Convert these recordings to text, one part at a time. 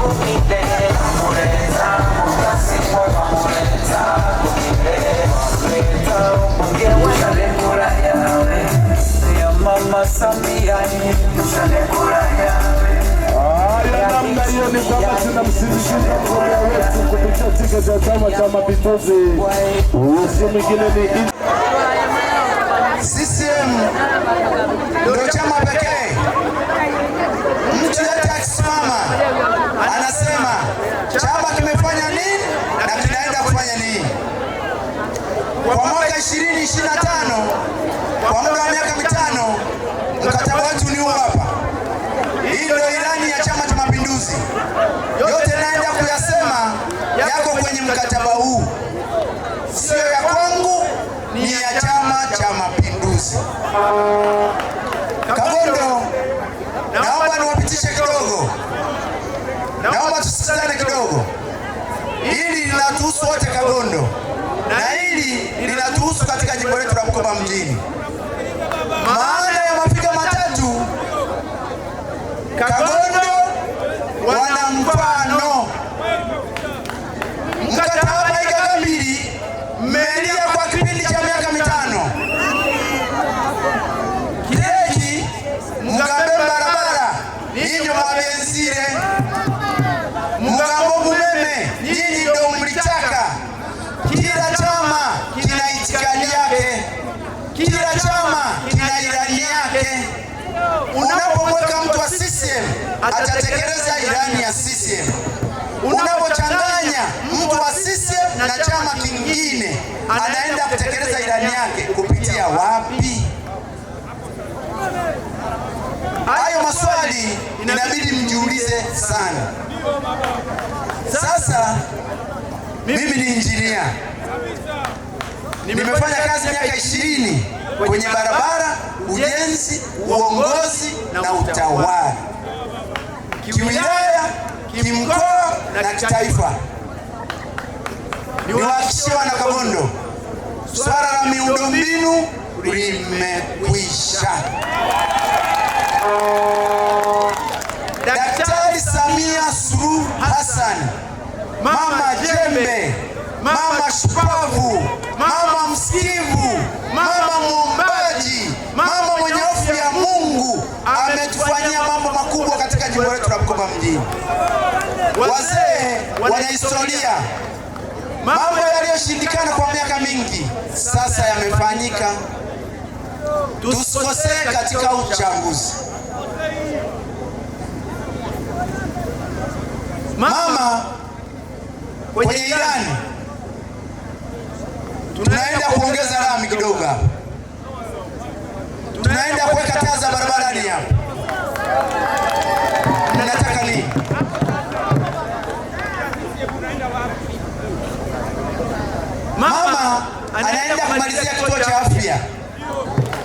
ni kwamba eh, ndio chama Mkondo, na hili linatuhusu katika jimbo letu la Bukoba mjini. atatekeleza ilani ya CCM. Unapochanganya mtu wa CCM na chama kingine, anaenda kutekeleza ilani yake kupitia wapi? Hayo maswali inabidi mjiulize sana. Sasa mimi ni injinia, nimefanya kazi miaka ishirini kwenye barabara, ujenzi, uongozi na utawala kiwilaya, kimkoa na kitaifa. Niwahakikishie kabondo swala la miundombinu limekwisha. Daktari Samia Suluhu Hassan, mama jembe, mama shupavu, mama msikivu, mama ametufanyia mambo makubwa katika jimbo letu la Bukoba mjini. Wazee wana historia, mambo yaliyoshindikana kwa miaka mingi sasa yamefanyika. Tusikosee katika uchaguzi. Mama, kwenye ilani tunaenda kuongeza lami kidogo hapa tunaenda kuweka taa za barabarani ya Mnataka nini? Mama anaenda kumalizia kituo cha afya,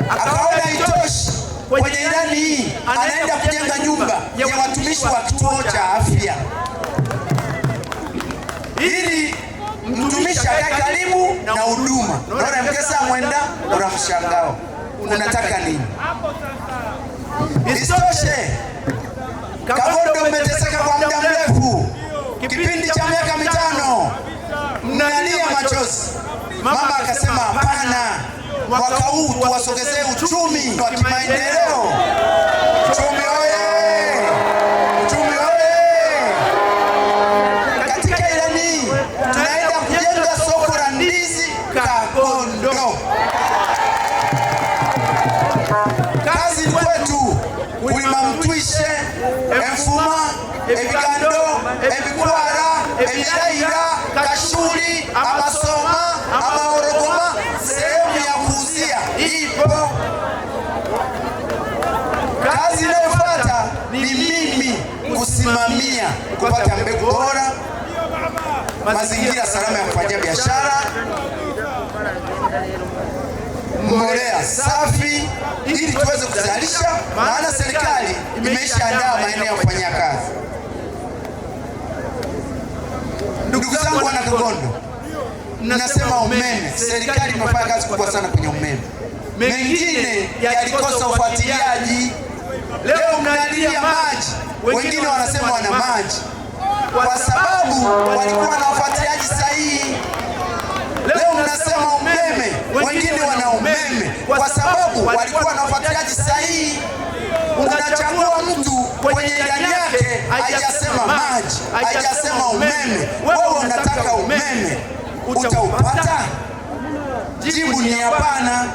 akaona itoshi kwenye ilani hii, anaenda kujenga nyumba ya watumishi wa kituo cha afya ili mtumishi akae karibu na huduma. Naona mkesa mwenda unamshangao unataka nini? Isitoshe, Kabondo umeteseka kwa muda mrefu, kipindi cha miaka mitano, mnalia machozi. Mama akasema hapana, mwaka huu tuwasogezee uchumi wa kimaendeleo. Uchumi oye! Iraira, kashuli Amasoma, Amaorogoma, sehemu ya kuuzia ipo. Kazi inayofuata ni mimi kusimamia kupata mbegu bora, mazingira salama ya kufanyia biashara, mbolea safi, ili tuweze kuzalisha, maana serikali imeishaandaa maeneo ya kufanyia kazi. Lugondo, mnasema umeme, serikali inafanya kazi kubwa sana kwenye umeme, mengine yalikosa ufuatiliaji. Leo mnalia maji, wengine wanasema wana maji kwa sababu walikuwa na ufuatiliaji sahihi. Leo mnasema umeme, wengine wana umeme kwa sababu walikuwa na ufuatiliaji sahihi. Unachagua mtu kwenye ilani yake, haijasema maji, haijasema umeme. Wewe unataka umeme, utaupata? Jibu ni hapana.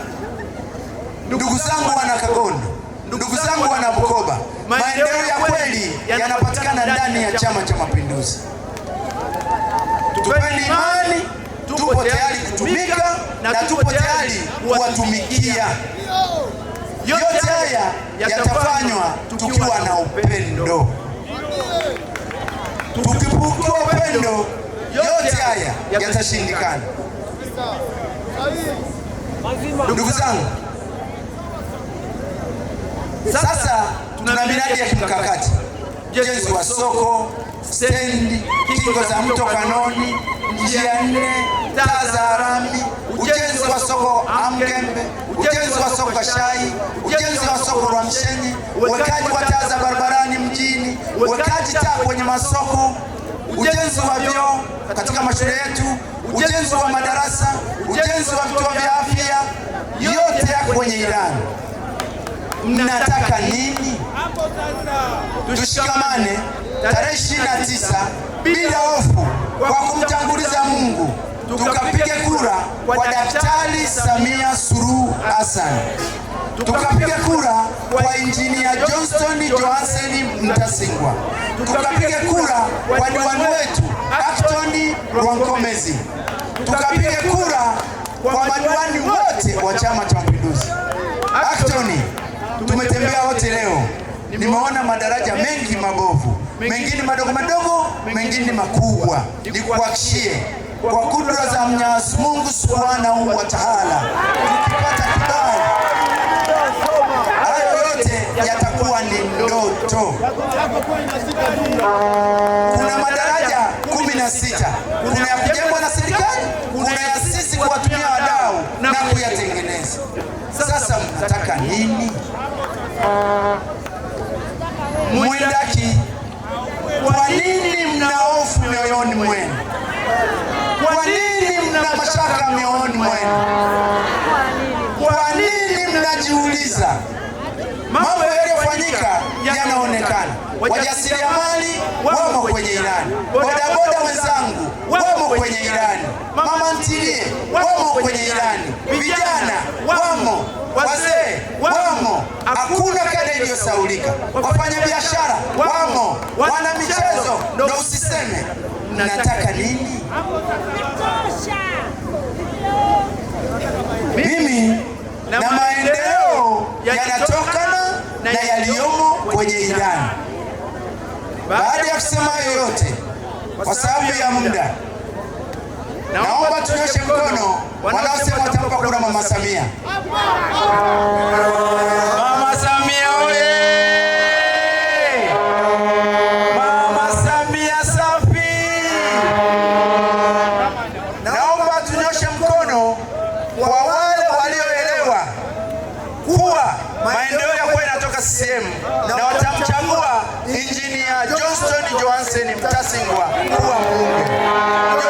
Ndugu zangu wana kagondo ndugu zangu wana Bukoba, maendeleo ya kweli yanapatikana ndani ya Chama cha Mapinduzi. Tupeni imani, tupo tayari kutumika na tupo tayari kuwatumikia. Yote haya yatafanywa tukiwa na upendo. Tukipuukia upendo, yote haya yatashindikana. Ndugu zangu, sasa tuna miradi ya kimkakati: ujenzi wa soko, stendi, kingo za mto Kanoni, njia nne, taa za rambi ujenzi wa soko Amkembe, ujenzi wa soko Shai, ujenzi wa soko Rwamshenye, uwekaji wa taa za barabarani mjini, uwekaji taa kwenye masoko, ujenzi wa vyoo katika mashule yetu, ujenzi wa madarasa, ujenzi wa vituo vya afya, yote yako kwenye ilani. Mnataka nini? Tushikamane tarehe 29 bila hofu, kwa kumtanguliza Mungu tukapiga kura kwa Daktari Samia Suluhu Hassan, tukapiga kura kwa Injinia Johnston Johansen Mtasingwa, tukapiga kura kwa diwani wetu Acton Rwankomezi, tukapiga kura kwa madiwani wote wa Chama cha Mapinduzi. Acton, tumetembea wote leo, nimeona madaraja mengi mabovu, mengine madogo madogo, mengine makubwa. Nikuhakishie kwa kudra za Mwenyezi Mungu Subhanahu wa Ta'ala, tukipata kibali, hayo yote yatakuwa ni ndoto. Kuna madaraja kumi na sita kuna ya kujengwa na serikali, kuna ya sisi kuwatumia wadau na kuyatengeneza. Sasa mnataka nini? mpaka mioyoni mwenu. Kwa nini mnajiuliza? Mambo yaliyofanyika yanaonekana, wajasiriamali wamo kwenye ilani, bodaboda wenzangu wamo kwenye ilani, mama ntilie wamo kwenye ilani, vijana wamo, wazee wamo, hakuna kada iliyosaulika, wafanyabiashara wamo, wana michezo ndo usiseme. Mnataka nini? Baada ya kusema yoyote, kwa sababu ya muda, naomba tunyoshe mkono wanaosema watampa kura mama Samia. Ansen Mtasingwa kuwa mbunge.